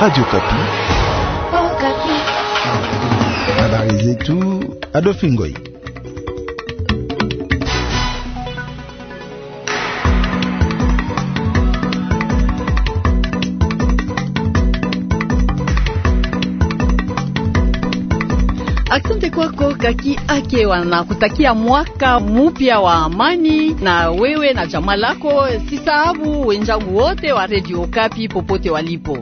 Radio Kapi. Oh, Kapi. Habari zetu adofingoi Asante kwako Kaki Akewa na kutakia mwaka mupya wa amani na wewe na jamaa lako. Sisahabu wenzangu wote wa Radio Kapi popote walipo.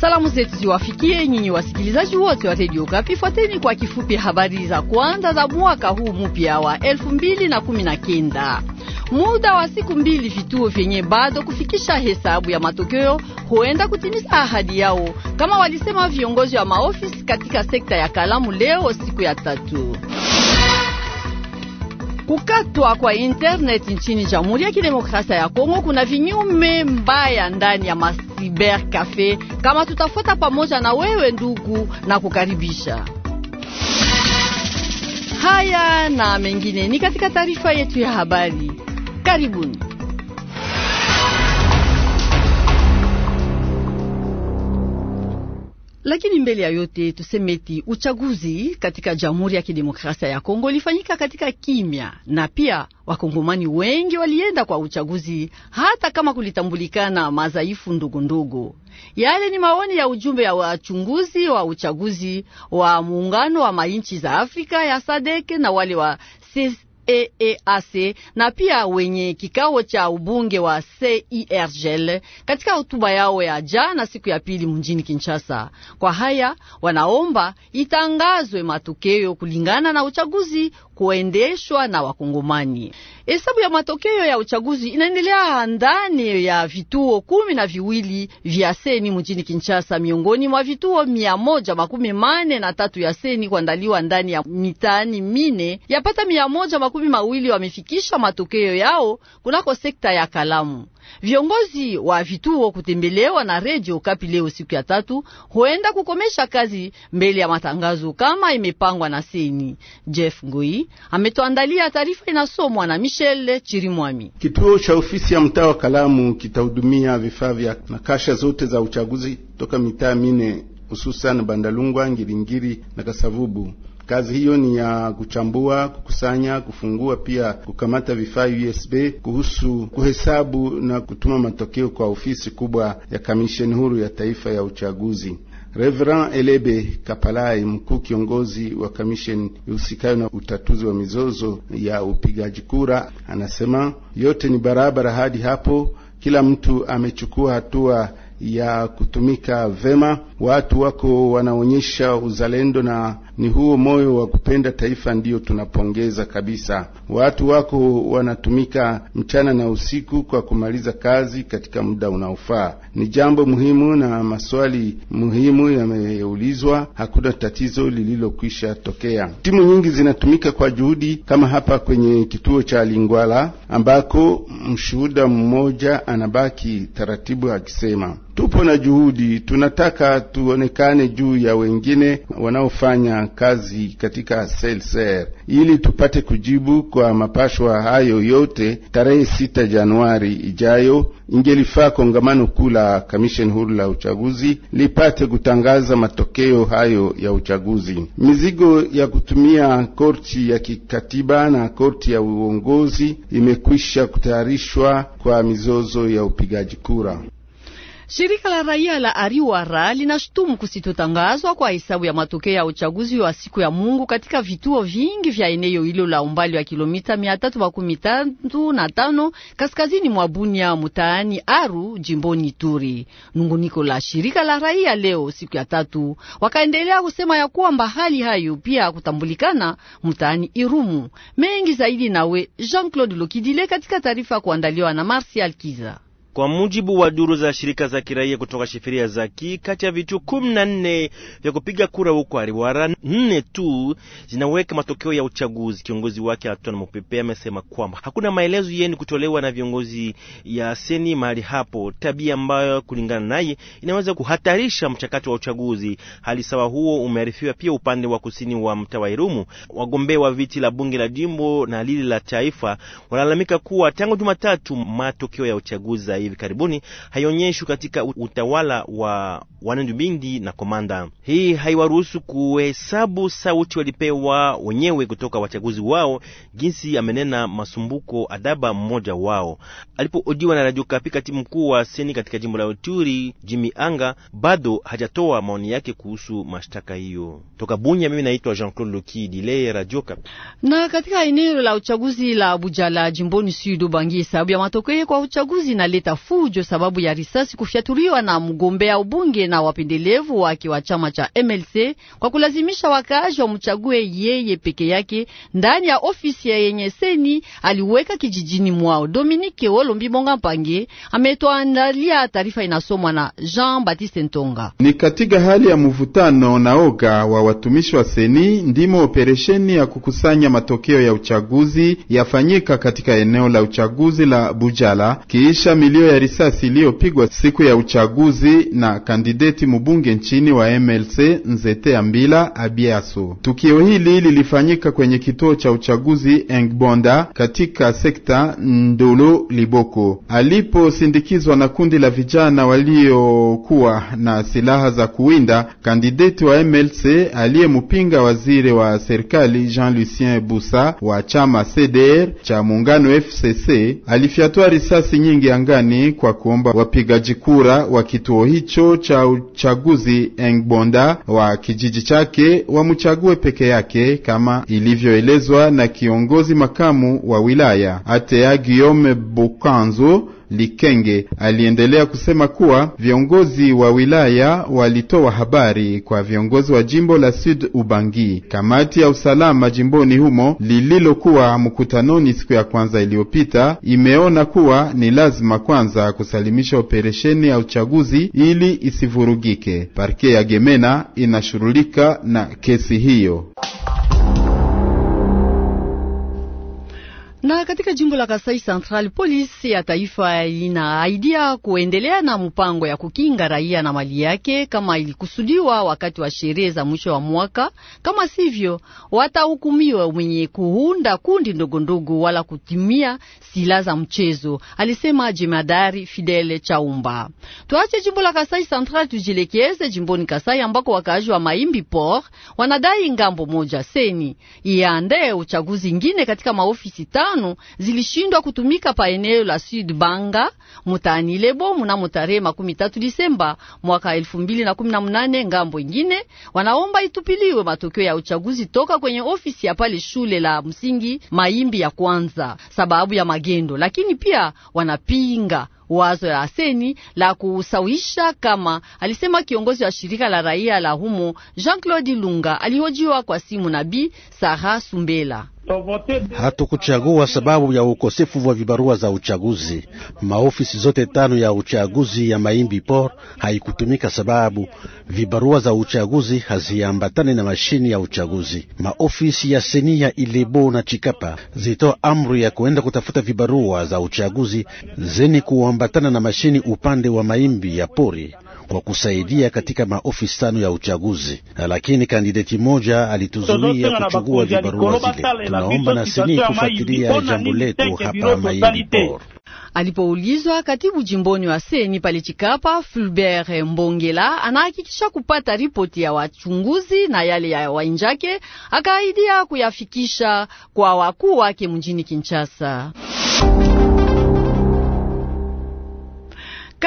Salamu zetu ziwafikie nyinyi wasikilizaji wote wa redio Kapi. Fuateni kwa kifupi habari za kwanza za mwaka huu mpya wa elfu mbili na kumi na kenda. Muda wa siku mbili, vituo vyenye bado kufikisha hesabu ya matokeo huenda kutimiza ahadi yao, kama walisema viongozi wa maofisi katika sekta ya Kalamu leo siku ya tatu. Kukatwa kwa internet nchini Jamhuri ya Kidemokrasia ya Kongo kuna vinyume mbaya ndani ya masi Cyber Cafe kama tutafuta pamoja na wewe ndugu na kukaribisha. Haya na mengine ni katika taarifa yetu ya habari. Karibuni. Lakini mbele ya yote tusemeti, uchaguzi katika Jamhuri ya Kidemokrasia ya Kongo ulifanyika katika kimya, na pia wakongomani wengi walienda kwa uchaguzi hata kama kulitambulikana madhaifu ndugu. Yale ni maoni ya ujumbe ya wachunguzi wa uchaguzi wa muungano wa mainchi za Afrika ya Sadeke na wale wa EEAC na pia wenye kikao cha ubunge wa CIRGL e katika hotuba yao ya jana siku ya pili mjini Kinshasa. Kwa haya wanaomba itangazwe matokeo kulingana na uchaguzi kuendeshwa na Wakongomani. Hesabu ya matokeo ya uchaguzi inaendelea ndani ya vituo kumi na viwili vya seni mjini Kinshasa, miongoni mwa vituo mia moja makumi mane na tatu ya seni kuandaliwa ndani ya mitaani mine. Yapata mia moja makumi mawili wamefikisha matokeo yao kunako sekta ya Kalamu. Viongozi wa vituo kutembelewa na redio Kapi leo siku ya tatu huenda kukomesha kazi mbele ya matangazo kama imepangwa na seni. Jeff Ngui ametuandalia taarifa, inasomwa na Michelle Chirimwami. Kituo cha ofisi ya mtaa wa Kalamu kitahudumia vifaa vya nakasha zote za uchaguzi toka mitaa mine hususan Bandalungwa, Ngiringiri na Kasavubu. Kazi hiyo ni ya kuchambua, kukusanya, kufungua, pia kukamata vifaa USB, kuhusu kuhesabu na kutuma matokeo kwa ofisi kubwa ya Kamisheni Huru ya Taifa ya Uchaguzi. Reverend Elebe Kapalai, mkuu kiongozi wa kamisheni ihusikayo na utatuzi wa mizozo ya upigaji kura, anasema yote ni barabara hadi hapo, kila mtu amechukua hatua ya kutumika vema. Watu wako wanaonyesha uzalendo, na ni huo moyo wa kupenda taifa ndiyo tunapongeza kabisa. Watu wako wanatumika mchana na usiku kwa kumaliza kazi katika muda unaofaa. Ni jambo muhimu na maswali muhimu yameulizwa. Hakuna tatizo lililokwisha tokea. Timu nyingi zinatumika kwa juhudi, kama hapa kwenye kituo cha Lingwala ambako mshuhuda mmoja anabaki taratibu akisema Tupo na juhudi, tunataka tuonekane juu ya wengine wanaofanya kazi katika selser, ili tupate kujibu kwa mapashwa hayo yote tarehe sita Januari ijayo. Ingelifaa kongamano kuu la kamisheni huru la uchaguzi lipate kutangaza matokeo hayo ya uchaguzi. Mizigo ya kutumia korti ya kikatiba na korti ya uongozi imekwisha kutayarishwa kwa mizozo ya upigaji kura. Shirika la raia la Ariwara linashutumu kusitotangazwa kwa hesabu ya matokeo ya uchaguzi wa siku ya Mungu katika vituo vingi vya eneo hilo la umbali wa kilomita 335 kaskazini mwa Bunia mutaani Aru jimboni Turi. Nunguniko la shirika la raia leo siku ya tatu wakaendelea kusema ya kwamba hali hayo pia kutambulikana mutaani Irumu. Mengi zaidi nawe Jean-Claude Lokidile katika taarifa kuandaliwa na Martial Kiza. Kwa mujibu wa duru za shirika za kiraia kutoka Shifiria Zaki, kati ya vituo kumi na nne vya kupiga kura huko Ariwara, nne tu zinaweka matokeo ya uchaguzi. Kiongozi wake Antoine Mupepe amesema kwamba hakuna maelezo yeni kutolewa na viongozi ya seni mahali hapo, tabia ambayo kulingana naye inaweza kuhatarisha mchakato wa uchaguzi. Hali sawa huo umearifiwa pia upande wa kusini wa mtaa wa Irumu. Wagombea wa viti la bunge la jimbo na lili la taifa wanalalamika kuwa tangu Jumatatu matokeo ya uchaguzi hivi karibuni haionyeshwi katika utawala wa bindi na komanda. Hii haiwaruhusu kuhesabu sauti walipewa wenyewe kutoka wachaguzi wao, jinsi amenena Masumbuko Adaba, mmoja wao alipoojiwa na Radio Kapi. Katibu mkuu wa seni katika jimbo la Uturi Jimmy Anga bado hajatoa maoni yake kuhusu mashtaka hiyo. Toka Bunya, mimi naitwa Jean Claude Loki Dile, Radio Kapi. Na katika eneo la uchaguzi la Abuja la jimboni Sud Ubangi, sababu ya matokeo kwa uchaguzi inaleta fujo sababu ya risasi kufyatuliwa na mgombea ubunge na wapendelevu wake wa chama cha MLC kwa kulazimisha wakaaji wamchague yeye peke yake ndani ya ofisi ya yenye seni aliweka kijijini mwao. Dominique Wolombi monga Mpange ametoandalia taarifa inasomwa na Jean Baptiste Ntonga. Ni katika hali ya mvutano na oga wa watumishi wa seni ndimo operesheni ya kukusanya matokeo ya uchaguzi yafanyika katika eneo la uchaguzi la Bujala kiisha milio Milio ya risasi iliyopigwa siku ya uchaguzi na kandideti mbunge nchini wa MLC Nzete Ambila Abiaso. Tukio hili lilifanyika kwenye kituo cha uchaguzi Engbonda katika sekta Ndolo Liboko, aliposindikizwa na kundi la vijana waliokuwa na silaha za kuwinda kandideti wa MLC aliyempinga waziri wa serikali Jean Lucien Busa wa chama CDR cha muungano FCC. Alifyatua risasi nyingi angani hadharani kwa kuomba wapigaji kura wa kituo hicho cha uchaguzi Engbonda wa kijiji chake wamchague peke yake kama ilivyoelezwa na kiongozi makamu wa wilaya Atea Guillaume Bukanzo. Likenge. Aliendelea kusema kuwa viongozi wa wilaya walitoa habari kwa viongozi wa jimbo la Sud Ubangi, kamati ya usalama jimboni humo lililokuwa mkutanoni siku ya kwanza iliyopita, imeona kuwa ni lazima kwanza kusalimisha operesheni ya uchaguzi ili isivurugike. Parke ya Gemena inashughulika na kesi hiyo. Na katika jimbo la Kasai Central, polisi ya taifa inaaidia kuendelea na mpango ya kukinga raia na mali yake kama ilikusudiwa wakati wa sherehe za mwisho wa mwaka. Kama sivyo, watahukumiwa mwenye kuunda kundi ndogondogo wala kutimia silaha za mchezo, alisema jemadari Fidel Chaumba. Tuache jimbo la Kasai Central, tujielekeze jimboni Kasai ambako wakaaji wa Maimbi Port wanadai ngambo moja seni iandae uchaguzi ingine katika maofisi ta tano zilishindwa kutumika pa eneo la Sud Banga mutaani Lebo mnamo tarehe makumi tatu Disemba mwaka elfu mbili na kumi na mnane. Ngambo ingine wanaomba itupiliwe matokeo ya uchaguzi toka kwenye ofisi ya pale shule la msingi Maimbi ya kwanza sababu ya magendo, lakini pia wanapinga wazo ya aseni la kusawisha kama alisema kiongozi wa shirika la raia la humo Jean-Claude Lunga alihojiwa kwa simu na Bi Sara Sumbela. Hatukuchagua sababu ya ukosefu wa vibarua za uchaguzi. Maofisi zote tano ya uchaguzi ya Maimbi por haikutumika sababu vibarua za uchaguzi haziambatane na mashini ya uchaguzi. Maofisi ya seni ya Ilebo na Chikapa zitoa amri ya kuenda kutafuta vibarua za uchaguzi zeni kuambatana na mashini upande wa Maimbi ya pori kwa kusaidia katika maofisi tano ya uchaguzi, lakini kandideti moja alituzuia kuchukua vibarua zile. Tunaomba na sini kufuatilia jambo letu hapa Mayindi Por. Alipoulizwa katibu jimboni wa seni pale Chikapa, Fulbert Mbongela anahakikisha kupata ripoti ya wachunguzi na yale ya wainjake, akaahidia kuyafikisha kwa wakuu wake mjini Kinshasa.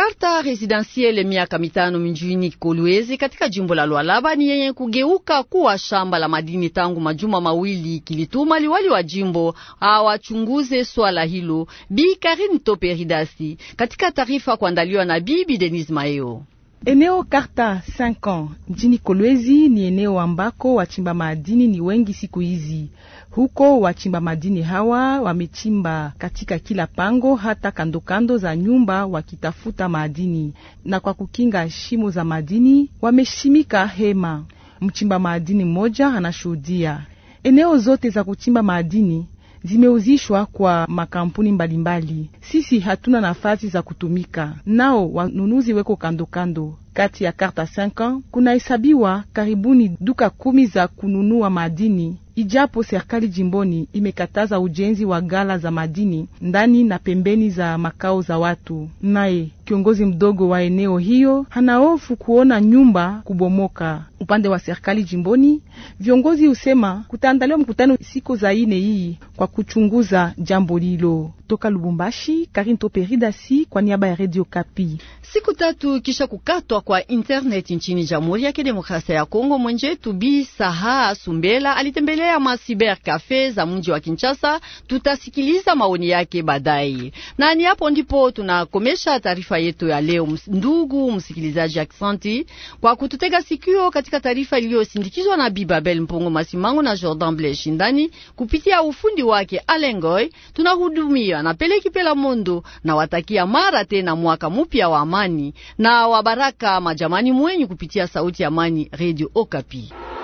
Karta residensiele miaka mitano mjini Kolwezi katika jimbo la Lualaba ni yenye kugeuka kuwa shamba la madini tangu majuma mawili, kilituma liwali wa jimbo awachunguze swala hilo. Bi Karin Toperidasi katika taarifa kuandaliwa na Bibi Denise Mayo. Eneo karta 5 mjini Kolwezi ni eneo ambako wachimba madini ni wengi siku hizi. Huko wachimba madini hawa wamechimba katika kila pango, hata kandokando za nyumba wakitafuta madini, na kwa kukinga shimo za madini wameshimika hema. Mchimba madini mmoja anashuhudia eneo zote za kuchimba madini zimeuzishwa kwa makampuni mbalimbali mbali. Sisi hatuna nafasi za kutumika nao, wanunuzi weko kandokando kando. Kati ya karta 5 kunahesabiwa karibuni duka kumi za kununua madini, ijapo serikali jimboni imekataza ujenzi wa gala za madini ndani na pembeni za makao za watu. Naye kiongozi mdogo wa eneo hiyo hanaofu kuona nyumba kubomoka. Upande wa serikali jimboni, viongozi husema kutaandaliwa mkutano siku za ine hii kwa kuchunguza jambo lilo kutoka Lubumbashi, Karin Toperi Dasi kwa niaba ya Radio Kapi. Siku tatu kisha kukatwa kwa internet nchini Jamhuri ya Kidemokrasia ya Kongo, mwenjetu Bi Saha Sumbela alitembelea ma cyber cafe za mji wa Kinshasa. Tutasikiliza maoni yake baadaye, na ni hapo ndipo tunakomesha taarifa yetu ya leo. Ndugu msikilizaji, aksanti kwa kututega sikio katika taarifa iliyosindikizwa na Bibabel Mpongo Masimango na Jordan Bleshindani kupitia ufundi wake Alengoy tunahudumia mupya napeleki pela mundu na watakia mara tena mwaka mupya wa amani na wa baraka majamani mwenyu kupitia sauti ya amani, Radio Okapi.